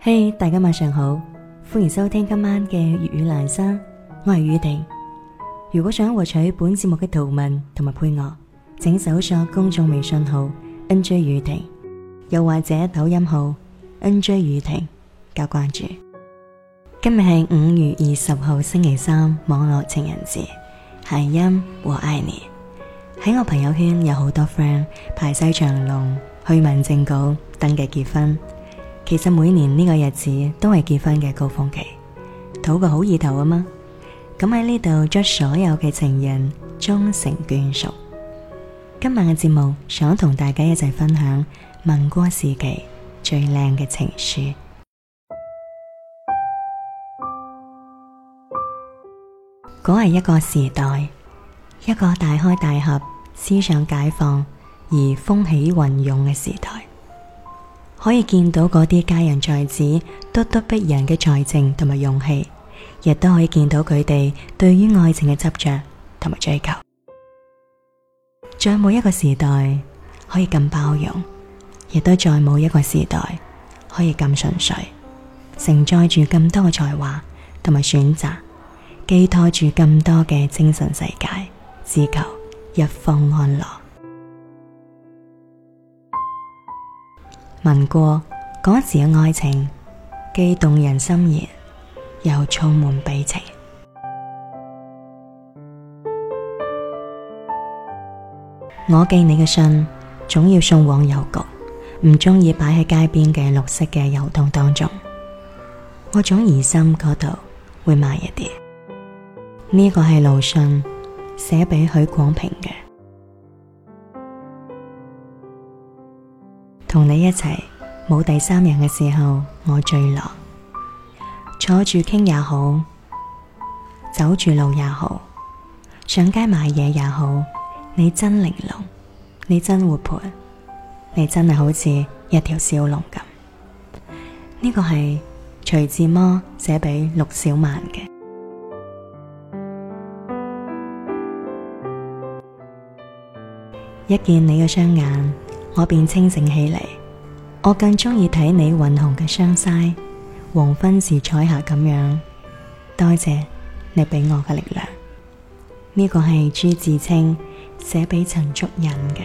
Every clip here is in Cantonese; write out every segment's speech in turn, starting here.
嘿，hey，大家晚上好，歡迎收聽今晚嘅粵語蘭山，我係宇婷。如果想獲取本節目嘅圖文同埋配樂，請搜索公眾微信號 NJ 宇婷，又或者抖音號 NJ 宇婷，加關注。今日係五月二十號，星期三，網絡情人節，諧音我愛你。喺我朋友圈有好多 friend 排晒長龍去民政局登記結婚。其實每年呢個日子都係結婚嘅高峰期，討個好意頭啊嘛。咁喺呢度祝所有嘅情人終成眷屬。今晚嘅節目想同大家一齊分享民國時期最靚嘅情書。嗰係 一個時代，一個大開大合、思想解放而風起雲湧嘅時代。可以見到嗰啲佳人才子咄咄逼人嘅才情同埋勇氣，亦都可以見到佢哋對於愛情嘅執着同埋追求。再冇一個時代可以咁包容，亦都再冇一個時代可以咁純粹，承載住咁多嘅才華同埋選擇，寄託住咁多嘅精神世界，只求一方安樂。民國嗰時嘅愛情既動人心弦，又充滿悲情。我寄你嘅信總要送往郵局，唔中意擺喺街邊嘅綠色嘅郵筒當中。我總疑心嗰度會慢一啲。呢、這個係魯迅寫俾許廣平嘅。同你一齊冇第三人嘅時候，我最樂。坐住傾也好，走住路也好，上街買嘢也好，你真玲瓏，你真活潑，你真係好似一條小龍咁。呢個係徐志摩寫俾陸小曼嘅。一見你嘅雙眼，我便清醒起嚟，我更中意睇你暈紅嘅雙腮，黃昏時彩霞咁樣。多謝你俾我嘅力量。呢、這個係朱自清寫俾陳竹隱嘅。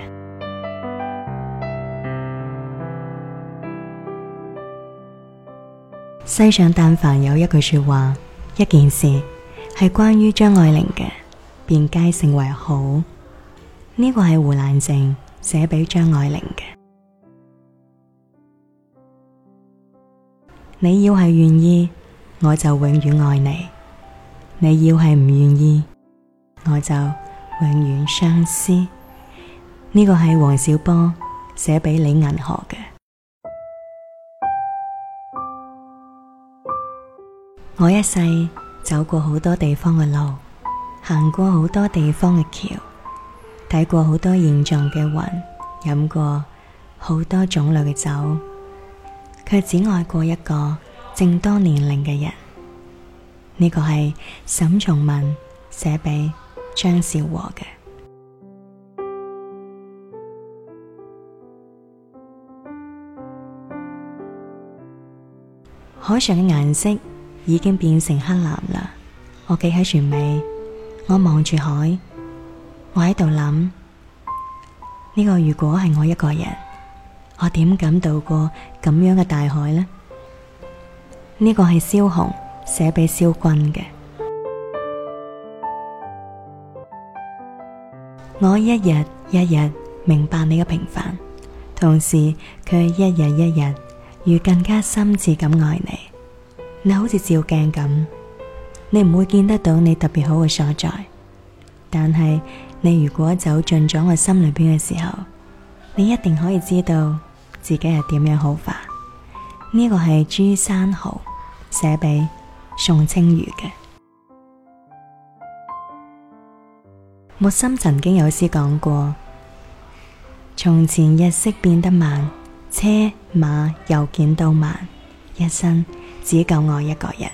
世上但凡有一句說話，一件事係關於張愛玲嘅，便皆成為好。呢、這個係胡蘭成寫俾張愛玲嘅，你要係願意，我就永遠愛你；你要係唔願意，我就永遠相思。呢個係王小波寫俾李銀河嘅。我一世走過好多地方嘅路，行過好多地方嘅橋。睇過好多形狀嘅雲，飲過好多種類嘅酒，卻只愛過一個正當年齡嘅人。呢個係沈從文寫俾張兆和嘅。海上嘅顏色已經變成黑藍啦，我企喺船尾，我望住海。我喺度諗，呢個如果係我一個人，我點敢渡過咁樣嘅大海呢？呢、這個係蕭紅寫俾蕭軍嘅。我一日一日明白你嘅平凡，同時佢一日一日愈更加深切咁愛你。你好似照鏡咁，你唔會見得到你特別好嘅所在。但係你如果走進咗我心裏邊嘅時候，你一定可以知道自己係點樣好法。呢個係朱生豪寫俾宋清如嘅。木心曾經有詩講過：從前日色變得慢，車馬郵件都慢，一生只夠愛一個人。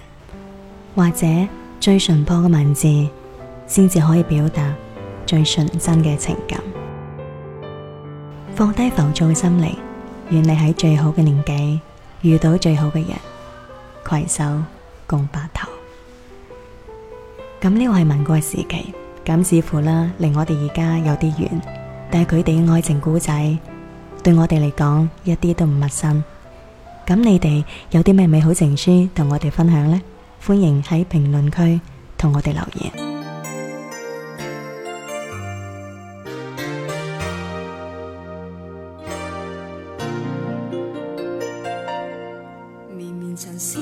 或者最純樸嘅文字。先至可以表達最純真嘅情感。放低浮躁嘅心靈，願你喺最好嘅年紀遇到最好嘅人，攜手共白頭。咁呢個係民國時期咁，似乎啦，離我哋而家有啲遠。但係佢哋嘅愛情故仔對我哋嚟講一啲都唔陌生。咁你哋有啲咩美好情書同我哋分享呢？歡迎喺評論區同我哋留言。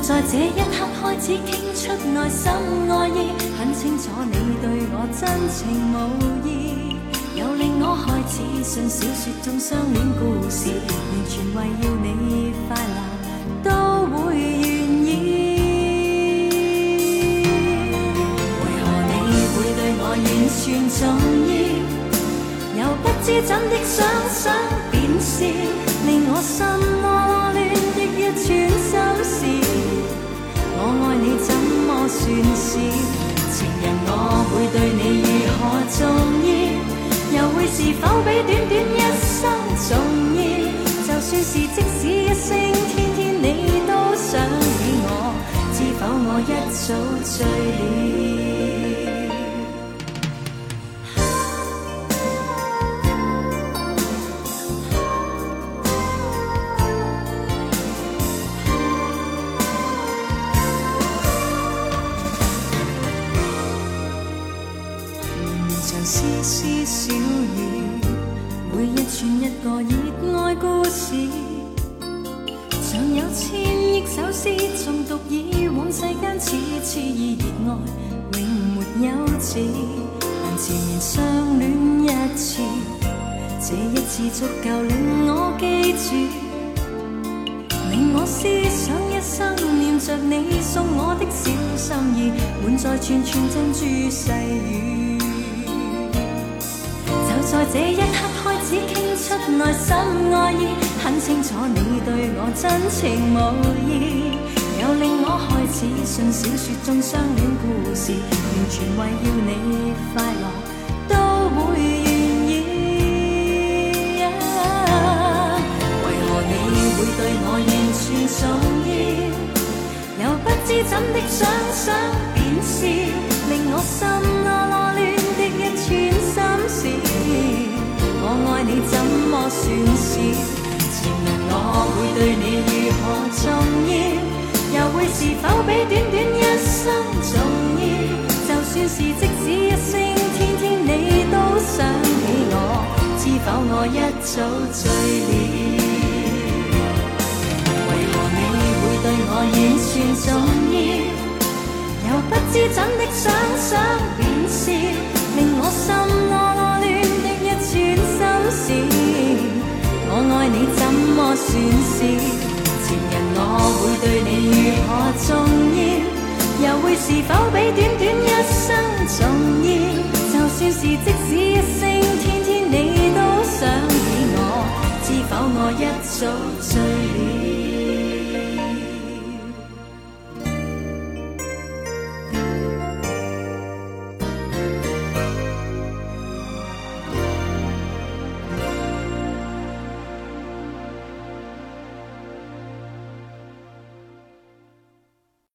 在這一刻開始傾出內心愛意，很清楚你對我真情無意，又令我開始信小説中相戀故事，完全為要你快樂都會願意。為何你會對我完全中意，又不知怎的想想便是令我心窩亂。一串心事，我愛你怎麼算是情人，我會對你如何重要？又會是否比短短一生重要？就算是即使一生天天你都想起我，知否我一早醉了？絲絲小雨，每一串一個熱愛故事，尚有千億首詩誦讀以往世間慈慈，此次意熱愛永沒有止。但自然相戀一次，這一次足夠令我記住，令我思想一生念着你送我的小心意，滿載串串珍珠細雨。在這一刻開始傾出內心愛意，很清楚你對我真情無意，又令我開始信小説中相戀故事，完全為要你快樂都會願意。Yeah, 為何你會對我完全重要？又不知怎的想想便笑，令我心囉囉攣。算少，情人我會對你如何重要，又會是否比短短一生重要？就算是即使一聲天天你都想起我，知否我一早醉了？為何你會對我完全重要？又不知怎的想想便笑，令我心安。怎麼算是情人？我會對你如何重要？又會是否比短短一生重要？就算是即使一生天天你都想起我，知否我一早醉了。